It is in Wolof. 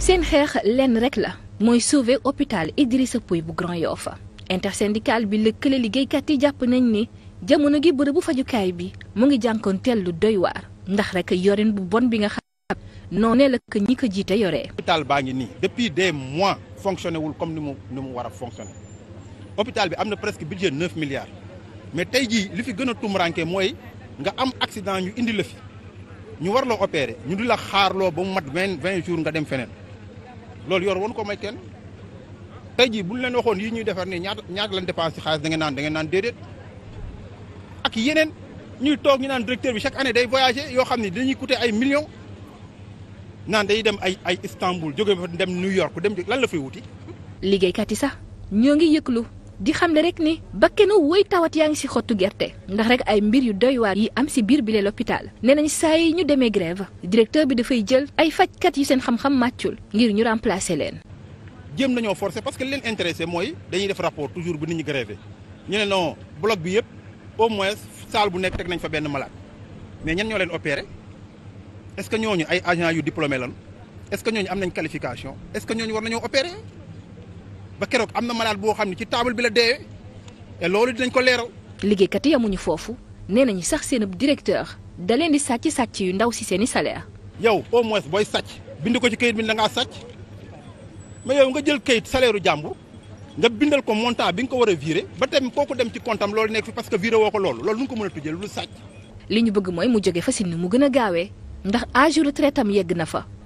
seen xeex lenn rek la mooy sauver hôpital Idrissa Pouye bu Grand Yoff intersyndical bi lëkkale liggéeykat yi jàpp nañ ni jamono gi bërëbu fajukaay bi mu ngi jànkoonteel lu doy waar ndax rek yorin bu bon bi nga xam noonee la ko ñi ko jiite yoree. hôpital baa ngi nii depuis des mois fonctionné wul comme ni mu ni mu war a fonctionné hôpital bi am na presque budget neuf milliards mais tey jii li fi gën a tumuraanke mooy nga am accident ñu indi la fi ñu war la opérer ñu di la xaarloo ba mu mat vingt vingt jours nga dem feneen. loolu yor woon ko may kenn tey jii bu leen waxoon yi ñuy defar nii ñaata ñaata lañ dépense ci xaalis da naan da ngeen naan ak yeneen ñuy toog ñu naan directeur bi chaque année day voyager yoo xam ne dañuy coûter ay millions naan day dem ay ay Istanbul jóge fa dem New York dem lan la fay wuti. liggéeykat yi sax ñoo ngi yëglu. di xamle rek ni bakkanu woy tawat yaa ngi si xottu gerte ndax rek ay mbir yu doy waar yi am si biir bi bile l'hôpital nee nañ saa yi ñu demee grève directeur bi dafay jël ay fajkat yu seen xam-xam màccul ngir ñu remplacer leen. jéem nañoo forcer parce que li leen intéressé mooy dañuy def rapport toujours bu nit ñi grévé ñu ne non bloc bi yëpp au moins salle bu nekk teg nañ fa benn malade mais ñan ñoo leen opéré est que ñooñu ay agent yu diplômé lan est-ce que ñooñu am nañ qualification est que ñooñu war nañoo opéré. ba keroog am na malade boo xam ne ci taabal bi la deewee te loolu dinañ ko leeral. liggéeykat yi amuñu foofu nee nañu sax seen directeur da leen di sàcc sàcc yu ndaw si seen i salaire. yow au moins booy sàcc bind ko ci kayit bi da ngaa sàcc mais yow nga jël kayit salaire u jàmbur nga bindal ko montant bi nga ko war a viré ba tamit kooku dem ci compte loolu nekk fi parce que viré woo ko loolu loolu nu nga ko mën a lu sàcc. li ñu bëgg mooy mu jóge fa si ni mu gën a gaawee ndax âge retraite am yegg na fa.